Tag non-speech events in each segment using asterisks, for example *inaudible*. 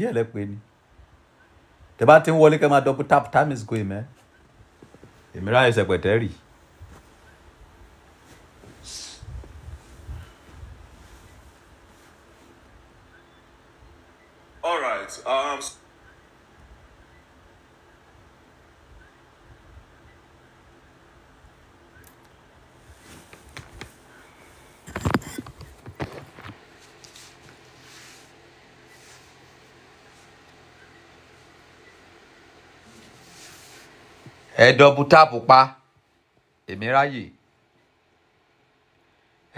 díẹ̀ lẹ pé ni tẹ bá ti ń wọlé kẹ máa dọ́gbọ́n tap time is going ẹ èmi ráyè sẹpẹtẹ rì. ẹ dọ́bù táàpù pa èmi ráyè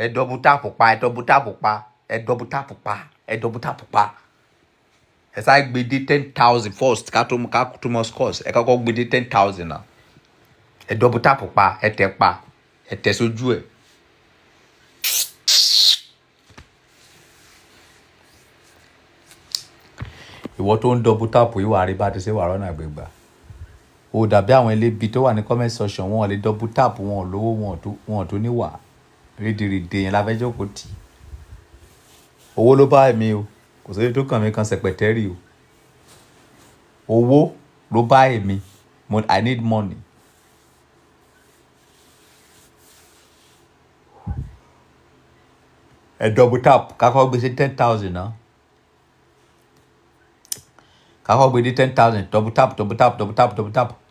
ẹ dọ́bù táàpù pa ẹ dọ́bù táàpù pa ẹ dọ́bù táàpù pa ẹ dọ́bù táàpù pa ẹ sáré gbé ten thousand first ká tó mú ká tó mọ scores ẹ kọ́kọ́ gbé ten thousand na. ẹ dọ́bù táàpù pa ẹ tẹ pa ẹ tẹ sójú ẹ. ìwọ tó ń dọ́bù táàpù yìí wà á rí bá ti ṣe wà rọ́nà gbégbá o dàbí àwọn ẹlẹ́bi tó wà ní comment section wọn lè double tap wọn lówó wọn tó níwà rédèrèdè yẹn la fẹ́ jókòó tì owó ló bá èmi o kò sóye tó kàn mí kan sẹ̀pẹ̀tẹ́rì o owó ló bá èmi i need money. ẹ double tap kakọ gbèsè ten thousand náà kakọ gbèsè ten thousand double tap double tap double tap double tap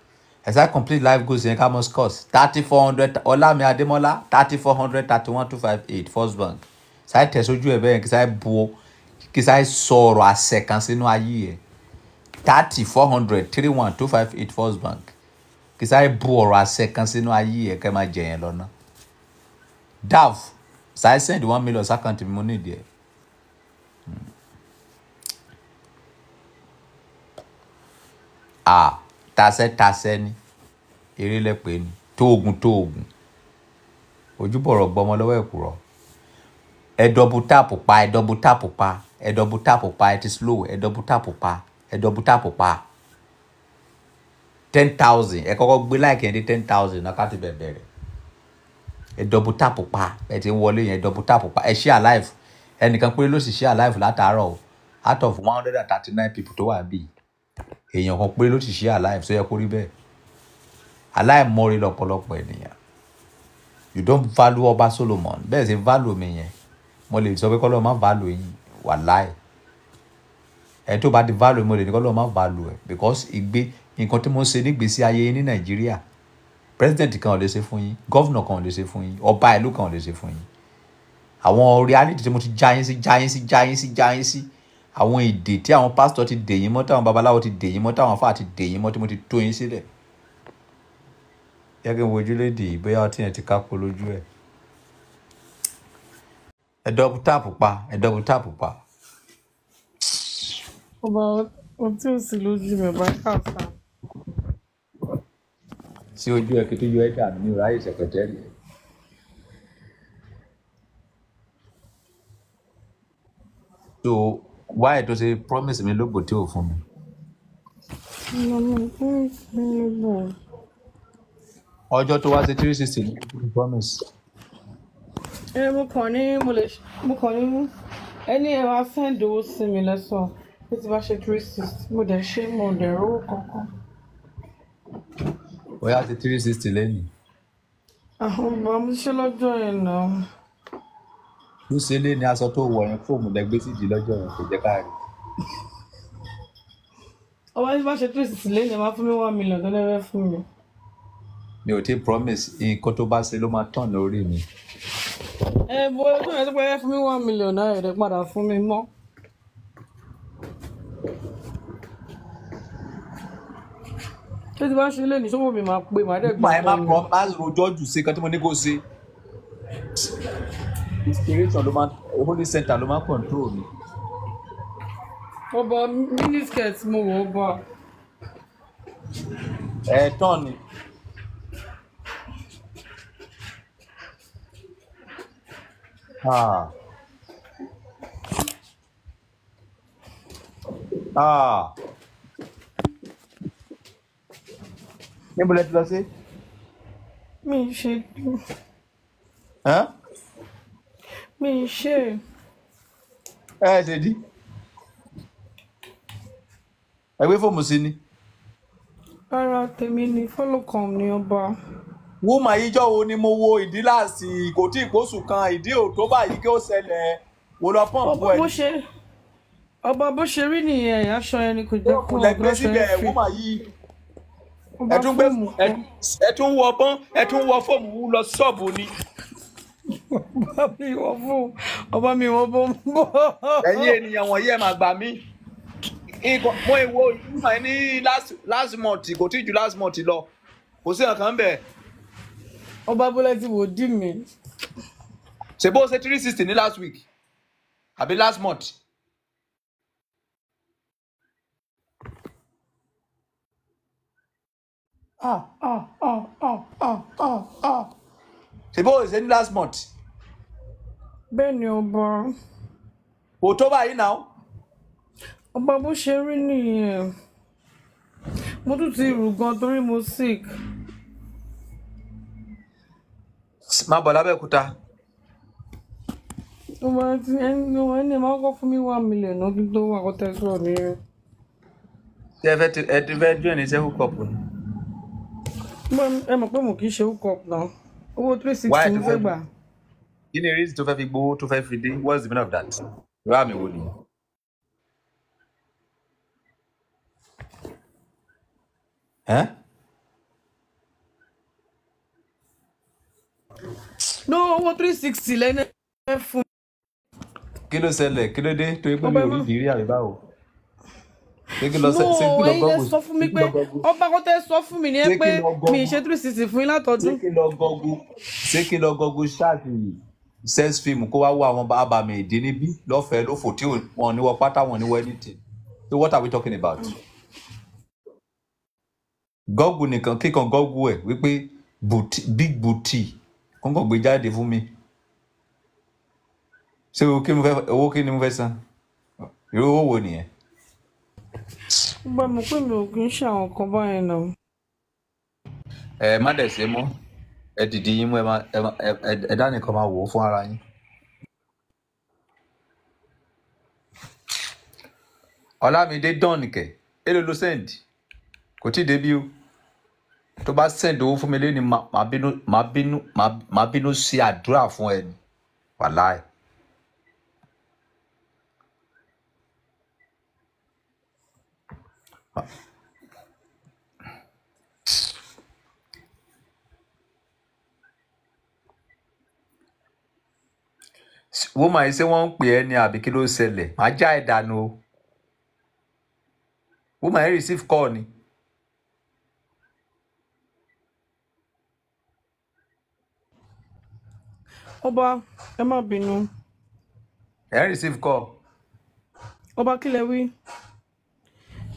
exact complete life goals yẹn ká mọ scores thirty four hundred ọlámi adémọ́lá thirty four hundred thirty one two five eight first bank sáyé tẹ̀sójú ẹ̀ bẹ́ẹ̀ kí sáyé bu ọ kí sáyé sọ̀rọ̀ àṣẹ kan sínú ayé ẹ̀ thirty four hundred three one two five eight first bank kí sáyé bu ọ̀rọ̀ àṣẹ kan sínú ayé ẹ̀ kẹ́ máa jẹ lọ́nà dav sáyé send one million sákàntì mi mo ní hmm. ah tasẹ́tasẹ́ ni eré lẹ́pẹ́ ni tóògùn tóògùn ojúbọ̀rọ̀ gbọmọ lọ́wọ́ ẹ̀kúrọ̀ ẹ̀dọ́bù táàpù pa ẹ̀dọ́bù táàpù pa ẹ̀dọ́bù táàpù pa ẹ̀ ti slow ẹ̀dọ́bù táàpù pa ẹ̀dọ́bù táàpù pa ten thousand ẹ kọ́kọ́ gbé láìkí yẹn dé ten thousand náà ká ti bẹ̀ bẹ̀rẹ̀ ẹ dọ́bù táàpù pa ẹ ti ń wọlé yẹn dọ́bù táàpù pa ẹ share live ẹnìkan péré ló sì share live látàárọ̀ out of one hundred and thirty nine people tó wà bíi èèyàn kan péré ló sì ṣe alive tó yẹ kó rí bẹ́ẹ̀ aláìmọre lọ́pọ̀lọpọ̀ ènìyàn you don't value ọba Solomon bẹ́ẹ̀ ṣe value mi yẹn mo lè sọ pé kọ́ lọ́ọ́ má value yín wàláì ẹ̀ tó bá ti value mo lè ní kọ́ lọ́ọ́ má value ẹ̀ because ìgbé nǹkan tí mo ń ṣe nígbésí ayé ní Nàìjíríà president kan ò lè ṣe fún yín governor kan ò lè ṣe fún yín ọba ìlú kan ò lè ṣe fún yín àwọn reality tí mo ti já yín sí já yín sí já yín sí já yín sí. Si, àwọn èdè tí àwọn pásítọ̀ ti dè yín mọ́ táwọn babaláwo ti dè yín mọ́ táwọn afáà ti dè yín mọ́ tí mo ti tó yín sílẹ̀ yẹ kí n wojú lédè yìí bóyá ọtí yẹn ti kápò lójú ẹ̀ ẹ dọ́bù táàpù pa ẹ dọ́bù táàpù pa. ọba ohun tí ó sì lójú mi bá kà sá. sí ojú ẹ kété yọ ẹ dànù ní ìráyè sẹkẹtẹrì ẹ. so why tó ṣe promise mi lógo tí ò fún mi. ọjọ́ tó wá sí three sixty ní promise. ẹ mo kàn ní mo lè mo kàn ní ẹni ẹ máa send owó sí mi lẹ́sàn-án bí ti bá ṣe three sixty mo dẹ̀ ṣe mo dẹ̀ rówó kankan. bóyá ti three sixty lẹ́yìn. àwọn ọmọ mi ṣe lọ́jọ́ yẹn náà lùsẹ̀lẹ̀ ni aṣọ tó wọ̀ yẹn fóòmù lẹ́gbẹ́ sídìí lọ́jọ́ yẹn kò jẹ́ káàrí. ọba tí bá ṣe tracy sílẹ̀ ni wàá fún mi one million tó lẹ́rẹ́ fún mi. mi ò tí promise nǹkan tó bá ṣe ló máa tàn lórí mi. ẹ bo ọdún yẹn tó pẹ́ fún mi one million náà ẹ̀rẹ́ padà fún mi mọ́. tó ti bá ṣe lé ní sọ́wọ́ mi máa pé màá dẹ̀ gbé. màá ẹ má rojọ́ jù sí kan tí mo ní kó ṣe inspiration ló máa holy center ló máa control mi. ọba miniskirt mo wọ ọba. ẹ tán ni. Ah. Ah. Níbo lẹ ti lọ sí? Mi ò ṣe dùn mi ì ṣe. ẹ ṣe dí ẹ gbé fóònù sí ni. ara tèmi ni fọlọkàn ni ọba. wúmọ ìjọ wo ni mo wo ìdí láàsì kò tí ì pósù kan ìdí òtó báyìí kí ó ṣẹlẹ̀ wò lọ pọ́ǹpù ẹ̀ ní ọba bó ṣe rí nìyẹn aṣọ yẹn ni kò jẹ kó ọgbẹ ṣe ń fi ẹ tún wọ bọ́n ẹ tún wọ fóònù lọ ṣọ́ọ̀bù ni bá mi wọ́n fún ọba mi wọ́n bó ń bọ̀. ẹ̀yin ènìyàn wọ̀nyí ẹ̀ máa gbà mí mo èwo ìmọ̀ ní last month kò tí ju last month lọ kò sí nǹkan bẹ́ẹ̀. ọba abúlé ti wò dì mí. ṣèbó ṣe three sixty ní last week àbí last month. ah ah ah ah ah ah. ah ṣe bó ṣe ní last month. bẹ́ẹ̀ ni ọba. kò tó báyìí náà. ọba bó ṣe rí nìyẹn mo tún ti rù gan torí mo sick. má bọ̀ lábẹ́òkúta. ọba ti ẹni ọba ẹni máa kọ́ fún mi wá mílíọ̀nù náà kí n tó wà kó tẹ́sán mi rẹ. ṣé ẹ fẹ́ ẹ ti sẹ́kù kọ̀pù ni. ẹ mọ̀ pé mo kì í ṣe kọ̀pù náà owó three sixty ń fẹ́ gbà. kí ni reason tó fẹ́ fi gbowó tó fẹ́ fi dé what's the meaning of that ìwé àmì wo ni. no owó three sixty lẹ́nu fún. kí ló ṣẹlẹ̀ kí ló dé torí pé mi ò rí ìrírí àríbá o mo ẹyin lẹ sọ fún mi pé ọba kan tẹ sọ fún mi ní ẹ pé mi ì ṣe three sixty fún yín látọdún. ṣé kí lọ gọgùn ṣáàtì yìí sex film kó wá wọ àwọn abàmì èdè níbí lọ́fẹ̀ẹ́ lófò tí wọn níwọ pátá wọn níwọ anything so what are we talking about. gọ́gù nìkan kíkan gọ́gù ẹ̀ wípé big booty kọ́ńkọ́ gbé jáde fún mi ṣé owó kí ni mo fẹ́ san irú owó wo nìyẹn gbogbo ẹ̀mọ̀ pé mi ò kì í ṣe àwọn kan báyẹn náà. ẹ má dẹ̀ ṣe mọ́ ẹ dìde yín mú ẹ dánìkan máa wò ó fún ara yín. ọlámídé dọ́ọ̀nìkẹ̀ èlò ló send kò tí ì débí o tó bá send owó fún mi lẹ́ni màá bínú sí àdúrà fún ẹ wàláì. Ah. woman máa ṣe wọ́n ń pè e ni ní àbí kí ló ṣẹlẹ̀ má já o wọ́n máa receive call ni. ọba ẹ má bínú. receive call. ọba kí lẹ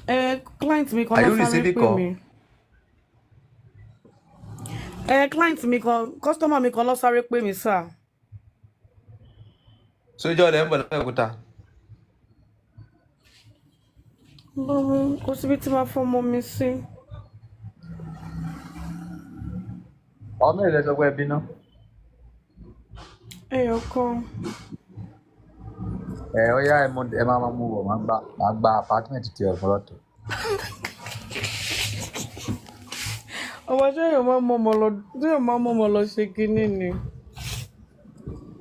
ẹ client mi kan ló sáré pè mí ẹ client mi kan customer mi kan ló sáré pè mí sir. sójú ọ̀dẹ̀ ń bọ̀ lọ́kùtà. bọ́mú kò síbi tí màá fọmọ mi sí. ọmọ ìrẹsọ̀gbọ́ ẹbí náà. ẹyọ kan ẹ ọ yá ẹ máa máa mú bọ̀ máa gba máa gba apartment tiẹ̀ fọlọ́tọ̀. ọmọ ṣé yóò máa mọ ọmọ lọ ṣé yóò máa mọ ọmọ lọ ṣe kínní ni.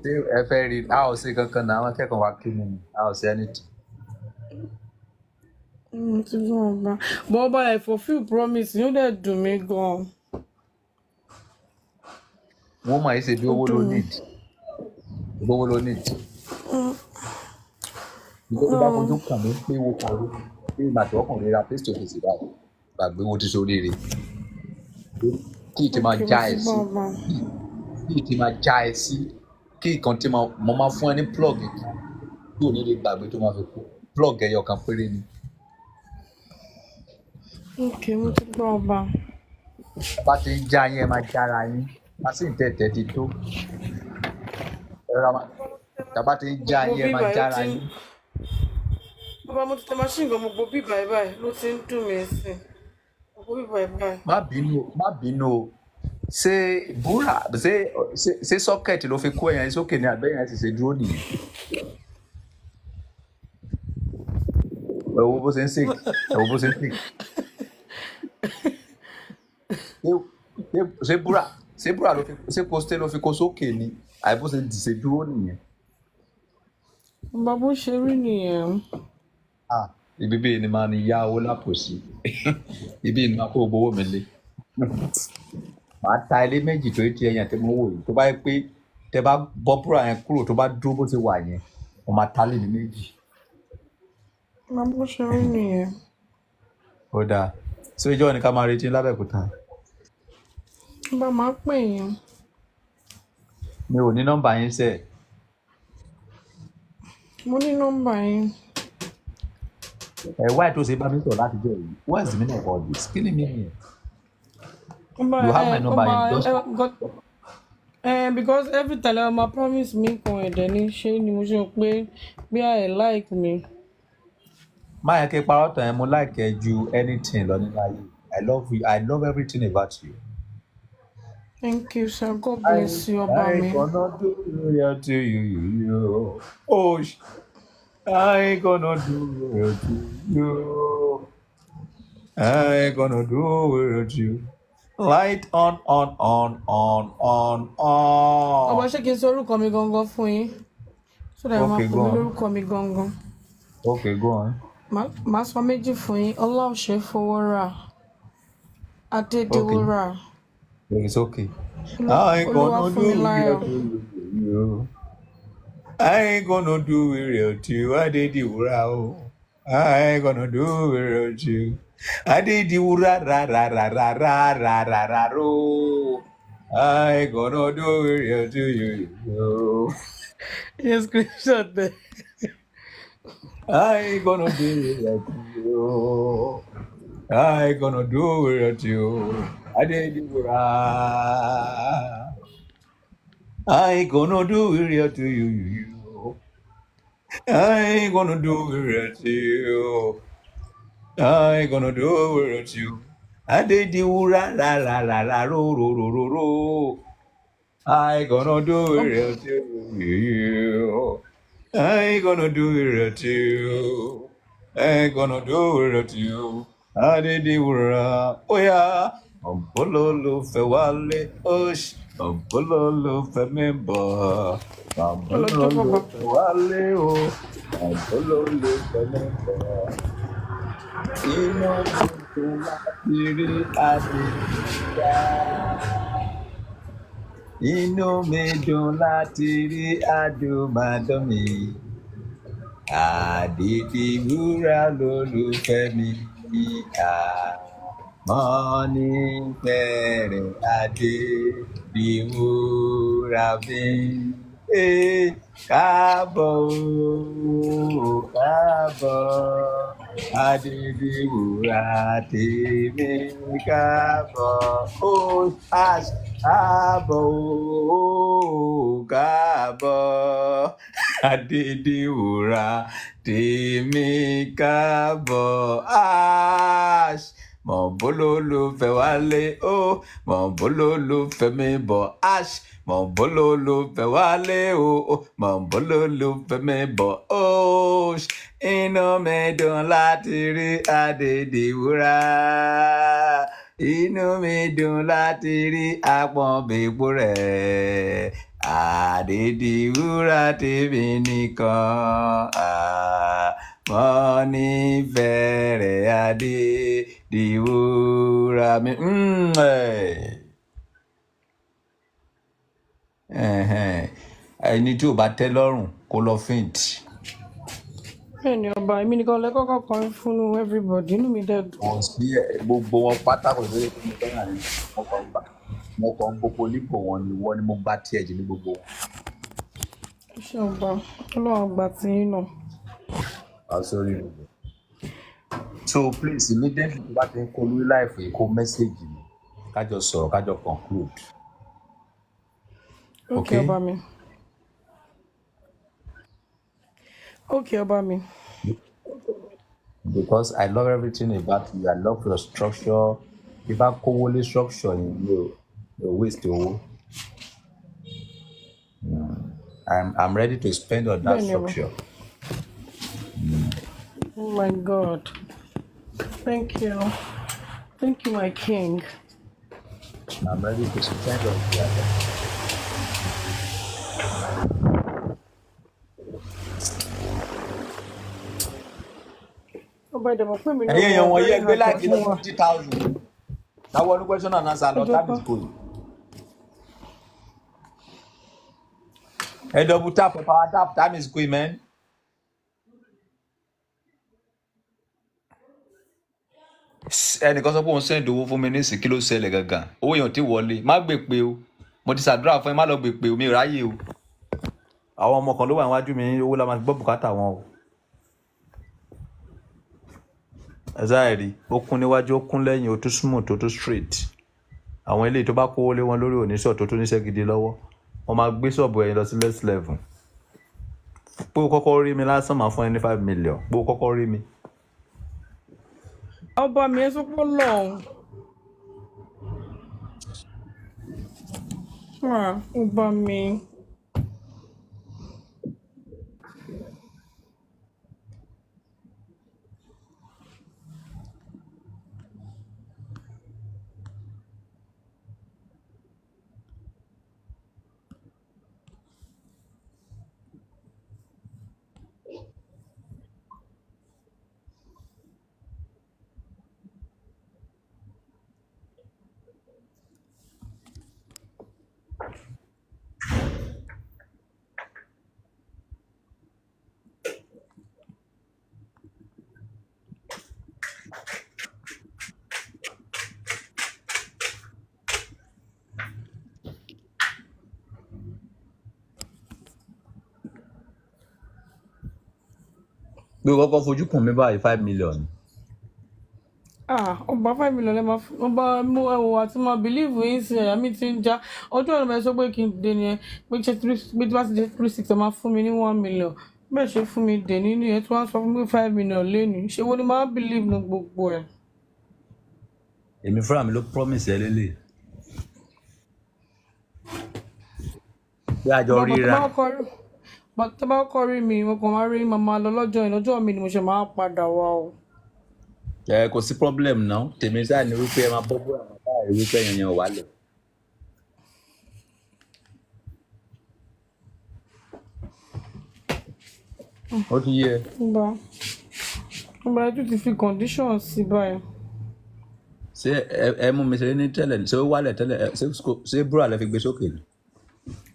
ṣé ẹ fẹ́ rí i a ò ṣe kankan náà àwọn akẹ́kọ̀ọ́ wa kí ni a ò ṣe anything. mo mm, ti gbọ́ ọba bọ́ ọba ẹ̀ fulfill promise yóò dẹ̀ dùn mí gan-an. wọ́n máa ṣe bí owó ló need owó ló need. Mm nígbà tó bá oh. fojú kàn mí pé wo kàn ló pé màtí ọkùnrin ra face to face báwo gbàgbé wo ti sóríire kí ìtì máa já ẹ sí kí ìtì máa já ẹ sí kí ìkan tí mo máa fún ẹ ní plug tó ní lè gbàgbé tó máa fi kú plug ẹyọ kan péré ni. ok mo ti gbọ́ ọba. bá ti ń já yín ẹ máa jára yín a sì ń tẹ̀tẹ̀ ti tó tàbá ti ń já yín ẹ máa jára yín bàbá mo ti tẹ machine gan gbogbo bí Bye, báyìí ló ti ń dùn mí sí gbogbo bí báyìí báyìí. má bínú má bínú o ṣé búrà ṣé ṣé sọ́kẹ̀tì ló fi kó ẹ̀yàn sókè ní àbẹ́yẹn ẹ̀ sì ṣe dúró nìyẹn. ẹ̀wọ̀ bó ṣe ń sèk ẹ̀wọ̀ bó ṣe ń sèk. ṣé búrà ṣé búrà ló fi ṣé posté ló fi kó sókè ni àbí bó ṣe dúró nìyẹn bàbá bó ṣe rí nìyẹn. ibi bíi ni màá ní yá owó lápò sí *laughs* ibi ni màá kó gbowó mi lé. màá ta ilé méjì tó ti ẹyàn tí mo wò yìí tó bá yẹ pé tẹ bá bọ́ búra yẹn kúrò tó bá dúró bó ti wà yẹn mo máa ta lé ní méjì. bàbá bó ṣe rí nìyẹn. ó dáa sí ìjọ ni ká máa retí lábẹ́òkúta. bá a máa pè yín. mi ò ní nọ́mbà yín sẹ́ẹ̀ mo ní nọ́mbà yín. ẹ wá ètò ṣe bá mi sọ̀rọ̀ láti jẹ́ èyí what's the meaning of all this kí ni mi yẹn. you have eh, my number in just. Uh, because every time I ma promise me kan ẹ̀dẹ̀ ni ṣé ni mo ṣe pé bí i like me. máa yẹ kí parọ́ tán ẹ mo like ẹ ju anything lọ nínú ayé i love you i love everything about you. Thank you, sir. God bless you, I Obame. gonna do real to you, you, you. Oh, sh- I gonna do real to you. I gonna do real to you. Light on, on, on, on, on, Ọba on. ṣé kí n sọ orúkọ mi gangan fún yín? So that ẹ máa Okay, pè go mí on. lórúkọ mi gangan. Okay, go on. Màá màá sọ méjì fún yín. Ọláòṣè Fowórà, Okay, Adédiwúrà, It's okay. I ain't gonna do without you. I ain't gonna do it to you. I did it wow. I ain't gonna do it to you. I did it ra ra ra ra ra ra ra ra ra ro. I ain't gonna do it without you. you. Yes, screenshot there. I ain't gonna do it to you. I ain't gonna do it to you. I right. I ain't gonna do it to you. I ain't gonna do it to you. I ain't gonna do it to you. I Adedura la la la la ro ro ro ro ro. I gonna do it to you. I ain't gonna do it to you. I ain't gonna do it to you. I Adedura. Oh yeah. Ògbólólùfẹ́ wálé òṣì, ògbólólùfẹ́ mi bọ̀. Ògbólólùfẹ́ wálé o, ògbólólùfẹ́ mi bọ̀. Inú tuntun láti rí àdìgbà. Inú mi dùn láti rí àdùmàdùn mi. Àdìdì wúrà lólùfẹ́ mi. Morning pẹ̀rẹ̀ adé bí wúrà bí ẹ káàbọ̀ ó káàbọ̀ adé bí wúrà tèmi káàbọ̀ ó káàbọ̀ ó káàbọ̀ adé bí wúrà tèmi káàbọ̀ ash mọ̀ bólólùfẹ́ wálé o mọ̀ bólólùfẹ́ mi bọ̀ ash mọ̀ bólólùfẹ́ wálé o mọ̀ bólólùfẹ́ mi bọ̀ osh inú mi dùn láti rí Adédìwúrà inú mi dùn láti rí Àpọ́nbépo rẹ̀ Adédìwúrà tèmi nìkan mọ́ nífẹ̀ẹ́ rẹ̀ adé ìrora mi mm, eh. ẹni tí ò bá tẹ́ lọ́rùn kó lọ faint. bẹ́ẹ̀ni ọba èmi nìkan lẹ kọ́kọ́ kọrin fún everybody inú mi dẹdùn. wọn sí ẹ gbogbo wọn pátákó lórí ẹni tó ń rìn wọn kàn gbà wọn kàn gbogbo nípò wọn ni wọn ni mo bá tiẹ̀ jù ní gbogbo wọn. ṣé ọba Ọlọ́run gbà tí yín náà. àṣírí mi so please immediately tó bá ti ń kó lórí láìfò yìí kó mẹ́sẹ̀gì mi kájọ sọ̀rọ̀ kájọ conclude. Okay. ọba mi. ok ọba mi. because i love everything about you i love your structure If I kówó lé structure yìí mi ò waste owó. Hmm. i'm i'm ready to spend on that structure. Hmm. Oh my God. Thank you. Thank you, my King. I'm ready to stand on the other. ẹ̀yin èèyàn wọ̀nyí ẹgbẹ́ láìpẹ́ ní fifty thousand táwọn ní question and answer lọ tábìlì kò yìí. ẹ dọ̀bù tap ẹ̀ tap time is going man. ẹnìkan sọ pé òun sẹ́ndì owó fún mi nísìnyí kí ló ṣẹlẹ̀ gangan owó yẹn ò tí wọlé má gbè pé o mo ti ṣàdúrà fún ẹ má lọ gbè pé o mi ráyè o. àwọn ọmọ kan ló wà níwájú mi owó la máa fi gbọ́ bùkátà wọn o. ẹ sáà rí ó kún níwájú ó kún lẹ́yìn ó tún smooth ó tún straight àwọn eléyìí tó bá kówó lé wọn lórí òní ṣọ́ọ̀tù tó níṣẹ́ gidi lọ́wọ́ wọn máa gbé ṣọ́ọ̀bù ẹ̀yìn lọ sí next level pé o kọ́kọ́ rí mi lásán máa fún ẹ ní five million pé o kọ́kọ́ rí mi Obamesa Bolon. Ah, bamin. kọ́kọ́ fojú kùn mí báyìí five million. Ah, ọgbà five million lẹ́ẹ̀ máa ọba mú ẹ̀wọ̀ àti máa believe in sin ẹ̀yà mi ti ń já ọjọ́ ọ̀rọ̀ mẹ́sàn pé kí n dé ni ẹ pé tí wọ́n ti jẹ́ three six ẹ máa fún mi ní one million bẹ́ẹ̀ ṣe fún mi dè nínú ẹ tí wọ́n sọ fún mi five million lẹ́nu ṣé wọ́n ni máa believe nu gbogbo ẹ̀. èmi fúnra mi ló promise ẹ lélẹ̀. bí a jọ ríra. bàbá tó bá kọrin tó bá kọ́ rí mi mo kàn máa rí màmá lọ lọ́jọ́ yẹn lọ́jọ́ mi ni mo ṣe máa padà wá o. ẹ kò sí problem náà tèmi sáà ni wípé ẹ máa bọ́ bọ́ àwọn báyìí wípé yẹn yẹn wà lẹ̀. ó ti yẹ. ọba ọba ẹjú ti fi condition sí báyìí. ṣé ẹ mú mi ṣe ní tẹ́lẹ̀ ṣé ó wálẹ̀ tẹ́lẹ̀ ṣé búrọ̀ àlẹ́ fi gbé sókè ni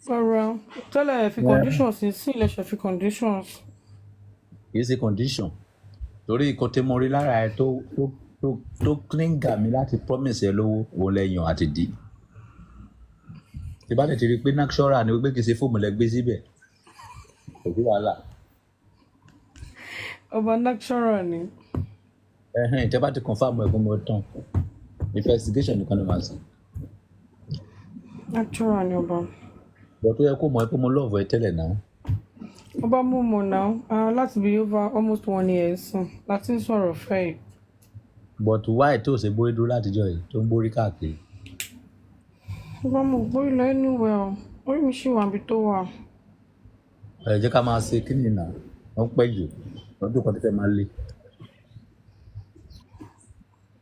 rárá tẹ́lẹ̀ ẹ fi conditions sí sí ilẹ̀ ṣe fi conditions. kì í ṣe condition torí nǹkan tí mo rí lára ẹ tó tó tó tó kílíǹgà mi láti promise ẹ lówó òun lẹ́yìn àti dì tí bá lè ti rí i pé náṣọ́ra ni wípé kì í ṣe fóònù lẹ gbé síbẹ̀ kò sí wàhálà. ọba náṣọ́ra ni. ẹhìn ìjọba ti confam ẹ̀gbọ́n mi tán investigation nìkan ló máa sàn. náṣọ́ra ni ọba bọ́ tó yẹ kó mọ̀ ẹ́ pé mo lọ́ọ̀fù ẹ tẹ́lẹ̀ náà. mo bá mú mọ̀ náà láti bí over almost one year sùn láti ń sọ̀rọ̀ fẹ́ ẹ̀. but why tó ṣe borí dúró látijọ́ yìí tó ń borí káàkiri. mo bá mọ̀ borí lọ anywhere orí mi ṣì wà níbi tó wà. ẹ jẹ́ ká máa ṣe kíni náà wọ́n pẹ́ jù lọ́dún kan tó fẹ́ máa lé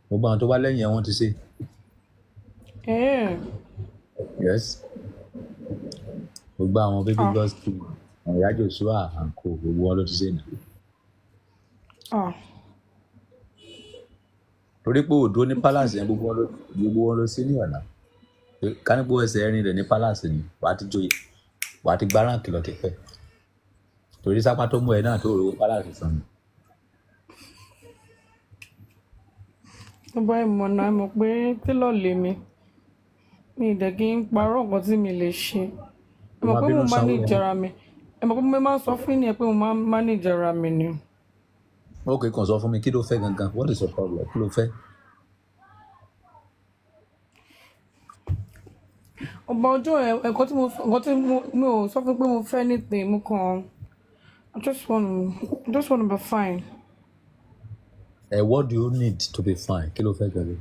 gbogbo àwọn tó wá lẹ́yìn ẹ̀ wọ́n ti ṣe. yes gbogbo àwọn baby ah. girls team àwọn ìyá joshua àǹkó gbogbo wọn ló ti ṣe nà. Ah. torí pé òdo ní palace yẹn gbogbo wọn ló sí ní ọ̀nà kánípò ẹsẹ̀ ẹ̀rin rẹ̀ ní palace ni wàá ti joyè wàá ti gbáràn kìlọ̀ ti pẹ́ torí sápá tó mú ẹ náà tó rò palace sàn ni. bọ́ ìmọ̀ náà mọ̀ pé télọ̀ lèmi mi ìdẹ́gí ń parọ́ nǹkan tí mi lè ṣe mo pé mo máa ní ìjọra mi ẹ mọ̀ pé mo máa ń sọ fún yín pé mo máa ní ìjọra mi ni. ok kàn sọ fún mi kí ló fẹ́ gangan what is your problem kí ló fẹ́. ọba ọjọ́ ẹ̀kọ́ tí mo ẹ̀kọ́ tí mo ò sọ fún pé mo fẹ́ anything mo kàn I just wanna I just wanna be fine. Uh, what do you need to be fine? Kí ló fẹ́ gangan?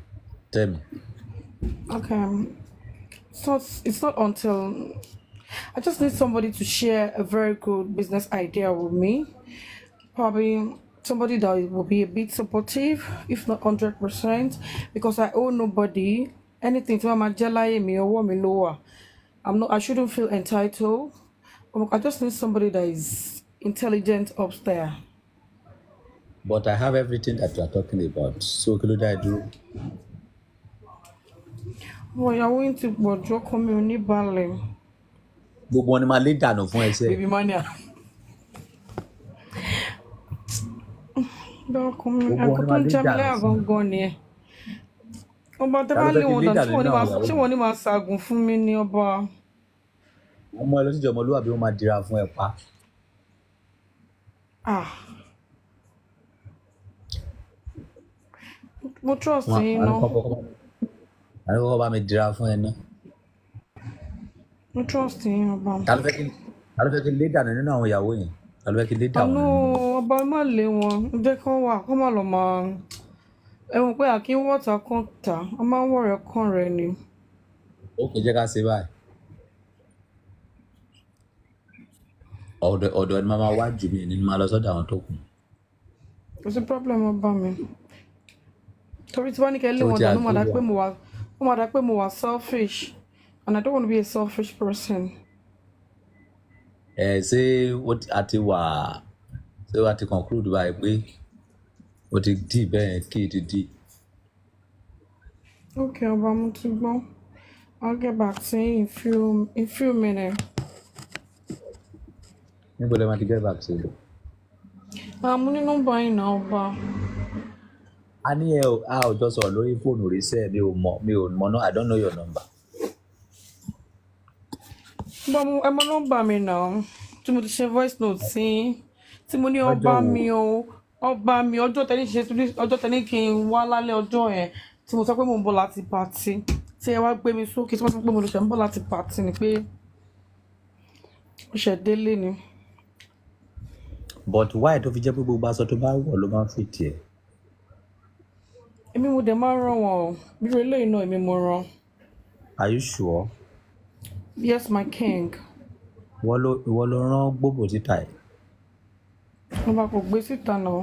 Tell me. Okay. so it's not until I just need somebody to share a very good business idea with me. Probably somebody that will be a bit supportive, if not 100%, because I owe nobody anything. So I'm lower. I'm not, I shouldn't feel entitled. Oh I just need somebody that is intelligent upstairs. But I have everything that you are talking about. So, what I do? Well, you're going to Bojo Community Ballet. gbogbo wọn ni máa lé dànù fún ẹsẹ̀. bíbí mọ́ni à. ọkùnrin àkókò ń jẹ́ mi lẹ́yà gangan ni ẹ̀ ọba tó bá lé wọn dà tí wọn ní máa ṣàgùn fún mi ní ọba. ọmọ ẹ lọ síjọ ọmọlúwàbí wọn máa dira fún ẹ pa. Ah. mo trust yín náà. àní kọ́kọ́ bá mi dira fún ẹ náà mo trust yín ọba. ta ló fẹ́ kí n lé dànù nínú àwọn ìyàwó yẹn ta ló fẹ́ kí n lé dànù. àná ọba má lé wọn jẹ́ kí wọ́n wà kó má lọ máa ẹ mọ̀ pé àkín wọ́ta kan tà á máa ń wọ̀rẹ̀ kàn rẹ ni. ó kò jẹ́ ká ṣe báyìí. ọ̀dọ̀ ọ̀dọ̀ ni màmá wá jù mí ni màá lọ sọ́dọ̀ àwọn tó kù. kò sí problem ọba mi torí tí wọ́n ní kẹ́ lé wọn dànù wọ́n máa dá pé mo wà selfish and I don't want to be a selfish person. Eh, say what? ti wa, ṣé wàá ti conclude by pé What ti dì bẹ́ẹ̀ kí to dì. Okay, ọba mo to go. I'll get back to you in few in few minutes. Níbo lè máa ti get back to you? Ah, Àmú ní nọ́mbà yìí náà ọba. A ní ẹ a ò jọ sọ̀rọ̀ lórí fóònù rí sẹ́ẹ̀ mi ò mọ̀ mi ò mọ̀ náà I don't know your number gbọ́ ẹ mọ nọ́mbà mi náà tí mo ti ṣe voice note sí tí mo ní ọba mi o ọba mi ọjọ́ tẹ́ni ṣe ọjọ́ tẹ́ni kí n wá lálẹ́ ọjọ́ yẹn tí mo sọ pé mo ń bọ̀ láti pàtí tí ẹ wá gbé mi sókè tí wọ́n sọ pé mo lọ ṣe ń bọ̀ láti pàtí ni pé ó ṣe délé ni. but why tó fi jẹ́ pé gbogbo aṣọ tó bá wọ̀ ló máa ń fi tiẹ̀. èmi mo dẹ̀ máa ń ràn wọ́n o bí eléyìí náà èmi mo ràn. are you sure? yes my king. ìwọ ló rán gbogbo síta ẹ̀. mo bá kò gbé síta náà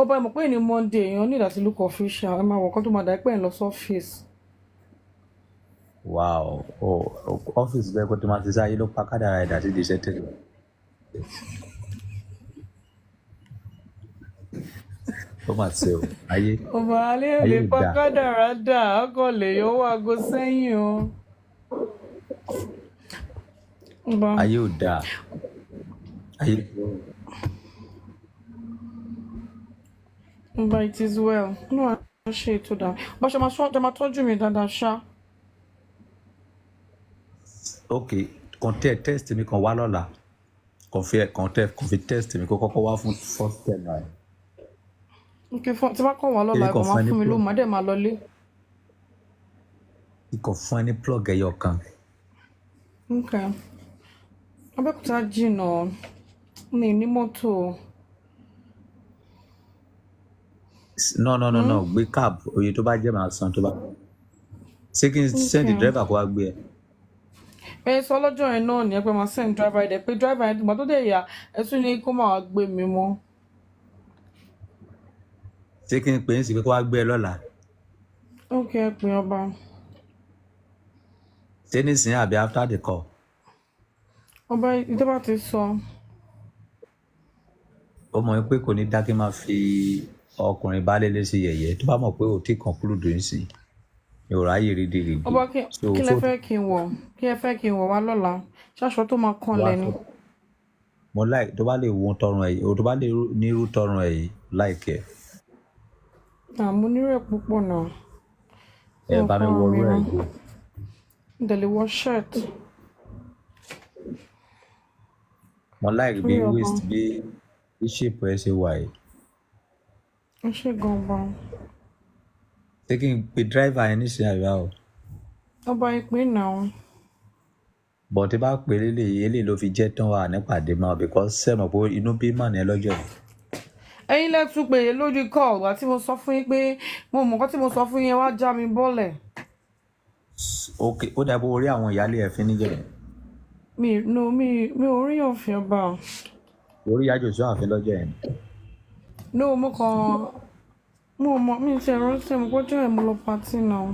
ọba ìmọ̀ pé ní monday èèyàn ní ìdásílùkọ̀ official ẹ máa wọ̀ kán tó máa dá pẹ́ ń lọ sí ọ́fíìsì. wow ọ́fíìsì bẹ́ẹ̀ kó tó máa ti sáyé ló pa kádàrá ẹ̀dá sí ìdíṣẹ́ tẹ̀lé. ó máa ṣe o ayé. ọba alẹ́ lè pa kádàrá dà ọkọ̀ lè yọ wá aago sẹ́yìn o ayé ò da? ayé ò dáa. but it is well no i ṣe ètò dà bá ṣe máa tọ́jú mi dáadáa ṣá. ok kàn tẹ test mi kan wá lọ́la kàn fi kàn tẹ kàn fi test mi kó kọ́kọ́ wá fún first ten naira. ok fún tí bá kàn wá lọ́la ẹ̀kọ́ máa fún mi ló máa dẹ̀ máa lọlé. ikọ̀ fún ẹ ní plug ẹyọ kan. okay. okay. Abẹ́òkúta jìnnà mi ní mọ́tò. no no no no hmm? gbé cab oye tó bá jẹ́ màá san tó bá ṣé kí n send driver kó wá gbé ẹ. ẹ sọ lọ́jọ́ yẹn náà ni ẹ pé máa send driver yẹn pé driver yẹn ìgbà tó dé ìyá ẹ tún ní kó máa gbé mi mọ́. ṣé kí n pè é sí pé kó wá gbé ẹ lọ́la. ok ẹ pè ọba. ṣé nísìnyí àbí after the call ọba ìjọba ti sọ. ó mọ̀ pé kò ní dákẹ́ máa fi ọkùnrin baálé lé sí yẹ̀yẹ́ tó bá mọ̀ pé òtí kan kúrò dùn sí i yóò ráyè rídì rídì. ọba kí lẹ fẹ́ kí n wọ̀ kí ẹ fẹ́ kí n wọ̀ wá lọ́la ṣáṣọ tó máa kàn lẹ́nu. mo láì tó bá lè wọ́n tọrùn ẹ̀ tó bá lè nírú tọrùn ẹ̀ láìkẹ́. àmú nírú ẹ̀ púpọ̀ náà. ẹ bá mi wọ orú ẹ̀ yìí. ǹdẹ̀lẹ̀ wọ ṣẹ́ẹ̀tì. mo like bí waist bí bí shape ẹ ṣe wà yìí. ẹ ṣe gangan. ṣé kí n pe driver yẹn níṣẹ́ àríwá o. ọba ìpín náà. bọ̀ tí bá pè é léyìí eléyìí ló fi jẹ́ tán wà nípàdé mọ́ because sẹ́mọ̀ pé inú bí mọ̀ ní ẹlọ́jọ́ yìí ẹ̀yin lẹ tún pé lórí kọọlù àti mo sọ fún yín pé mo mọ nǹkan tí mo sọ fún yín wá já mi bọ́lẹ̀. ó dàbí orí àwọn ìyáálé ẹ̀ fi níjẹ̀rẹ̀ mi no mi mi ò rí òfin ọba o. orí yájò sí ààfin lọ́jọ́ yẹn. no mo kàn mo mọ mi ti ẹ̀rọ sí ẹ̀mú gbọ́jọ́ ẹ̀ mo lọ patí náà.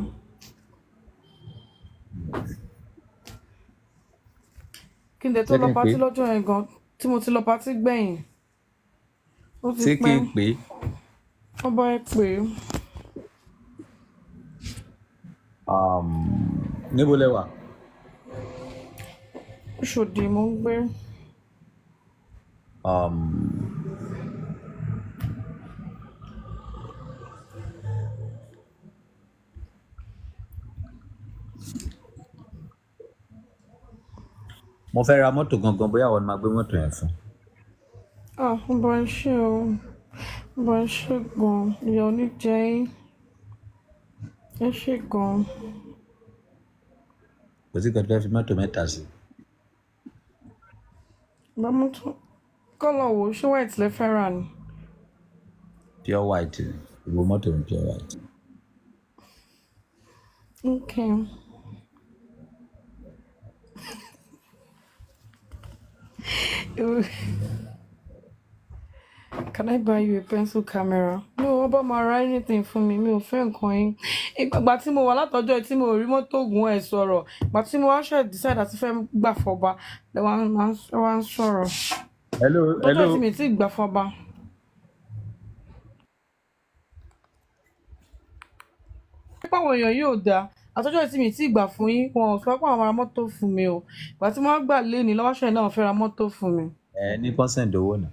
kí n dẹ̀ tó lọ patí lọ́jọ́ yẹn gan tí mo ti lọ patí gbẹ̀yìn. ó ti pẹ́ ṣé kí n pè é. ọba ẹ pè é. Um, níbo lẹ wà. Ṣòdì mo ń gbé. Um, mo fẹ́ ra mọ́tò gangan bóyá àwọn ni máa gbé mọ́tò yẹn fún. ah ń bọ iṣẹ́ o ń bọ iṣẹ́ gan-an ìyá oníjẹ yín ẹ ṣe gan kò sí kan tó fi mọ́tò mẹ́ta sí i. Bàmú tún kọ́lọ̀ wo ṣé white lè fẹ́ ni. Pure white ìbò mọ́tò ní pure white. Okay. *laughs* Can I buy you a pencil camera? No, ọba máa write anything fún mi, mi ò fẹ́ nǹkan yín. Ìgbà tí mo wà látọjọ́ tí mo rí mọ́tò ògùn ẹ̀ sọ̀rọ̀, ìgbà tí mo wá ṣe decide àti fẹ́ gbà fọba, lẹ wá ń sọ̀rọ̀. Hello, hello. Mọ́tò tí mi ti gbà fọba. Pípa àwọn èèyàn yóò dáa àtọ́jọ́ tí mi ti gbà fún yín wọn ò fẹ́ pọ̀ àwọn ará mọ́tò fún mi o ìgbà tí wọ́n gbà lé ní lọ́wọ́ṣẹ́ náà fẹ́ ra mọ́tò fún mi. Eh, ní consent owó náà.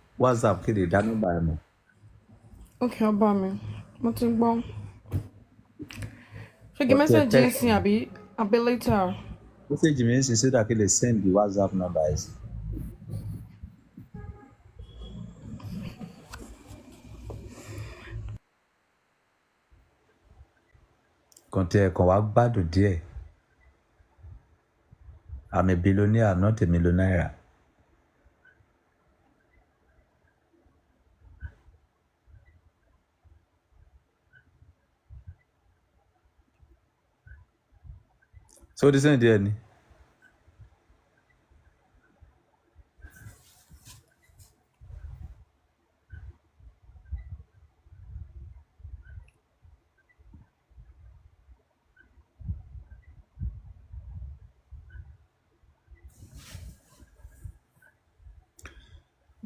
whatsapp kéde dá nọ́mbà ẹ mọ̀. ok ọba mi mo ti gbọ́ ṣé kí mẹ́sẹ̀jì ń sin àbí àbí later. mẹ́sẹ̀jì mi ń sin sódà kí lè send the whatsapp number ẹ̀ sí. kàn tí ẹ kàn wá gbádùn díẹ̀ I'm a billionaire, not a millionaire. So o ti send ẹ ni?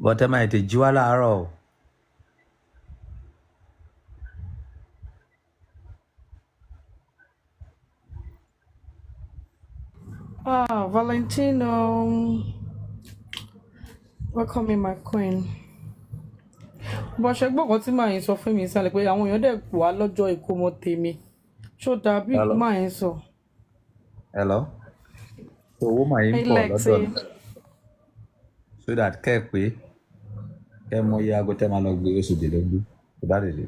But ẹ máa tètè jí Ah, Valentino. Welcome in, my queen. Bó ṣe gbọ́ kan tí màá yín sọ fún mi sálẹ̀ pé àwọn èèyàn dẹ̀ wá lọ́jọ́ ìkómọ tèmi. Ṣó dáa bí màá yín sọ? Hello. Owó màá yín pọ̀ lọ́dọ̀ mi. So that kẹ́ ẹ pé kẹ́ ẹ mọ iye aago tẹ́ máa lọ gbé oṣù délógún. Kò bá lè lè.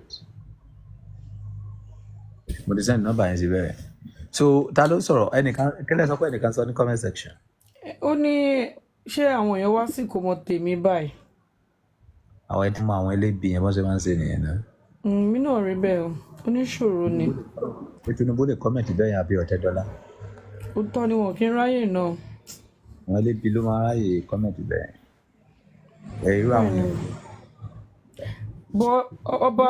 Mo ti sẹ́ni nọ́mbà yẹn sí bẹ́ẹ̀ so ta ló sọ̀rọ̀ ẹnìkan kílẹ̀ sọ pé ẹnìkan sọ ní comment section. ó ní ṣé àwọn èèyàn wá sí kò mọ tèmi báyìí. àwọn ẹni tí mo àwọn ẹlẹ́bí yẹn bọ́n ṣe máa ń ṣe nìyẹn náà. mi mm, náà rí bẹ́ẹ̀ o oníṣòro ni. Tinubu lè kọ́mẹ̀tì bẹ́ẹ̀ yẹn àbí Ọ̀tẹ́dọ́lá. ó tọ́ ni wọn kì í ráyè náà. àwọn ẹlẹ́bí ló máa ráyè kọ́mẹ̀tì bẹ́ẹ̀ ẹ̀ irú àwọn ni. bọ ọba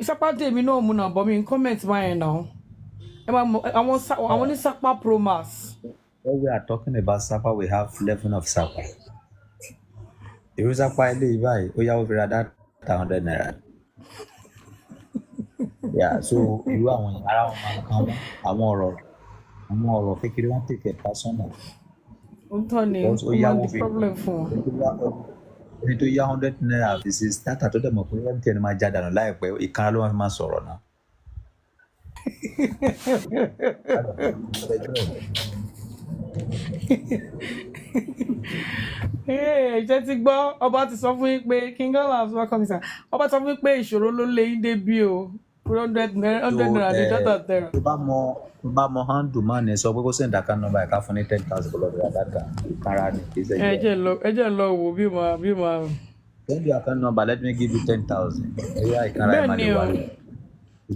ìsápá tèmi náà mú nà bọ́ mi kọ́mẹ̀tì máa yẹn náà àwọn ní sapa promax. when we are talking about sapa we have eleven of sapa irú sapa ilé yìí báyìí ó yáwó fi ra dáta hundred naira yeah so irú àwọn ará wọn máa kàn wọn àwọn ọ̀rọ̀ àwọn ọ̀rọ̀ kékeré wọn tètè pa sọnà. ó tọ́ ni ó máa ń di problem fún ọ ẹni tó yá hundred naira fi ṣe dáta tó dẹ̀ mọ̀ pé mtn máa já dànù láìpẹ́ ìkanra ló máa fi máa sọ̀rọ̀ náà. ṣe ti gbọ́ ọba ti sọ fún yín pé king olaf ọba sọ fún yín pé ìṣòro ló lé yín o hundred naira ní dọ́tà tẹ̀rọ. bá mọ tó bá man sọ pé kó send account number fún ní ten thousand kọlọ bẹ̀rẹ̀ data kára ẹ lọ wo bí mo bí send your account number let me give you ten thousand. bẹ́ẹ̀ ni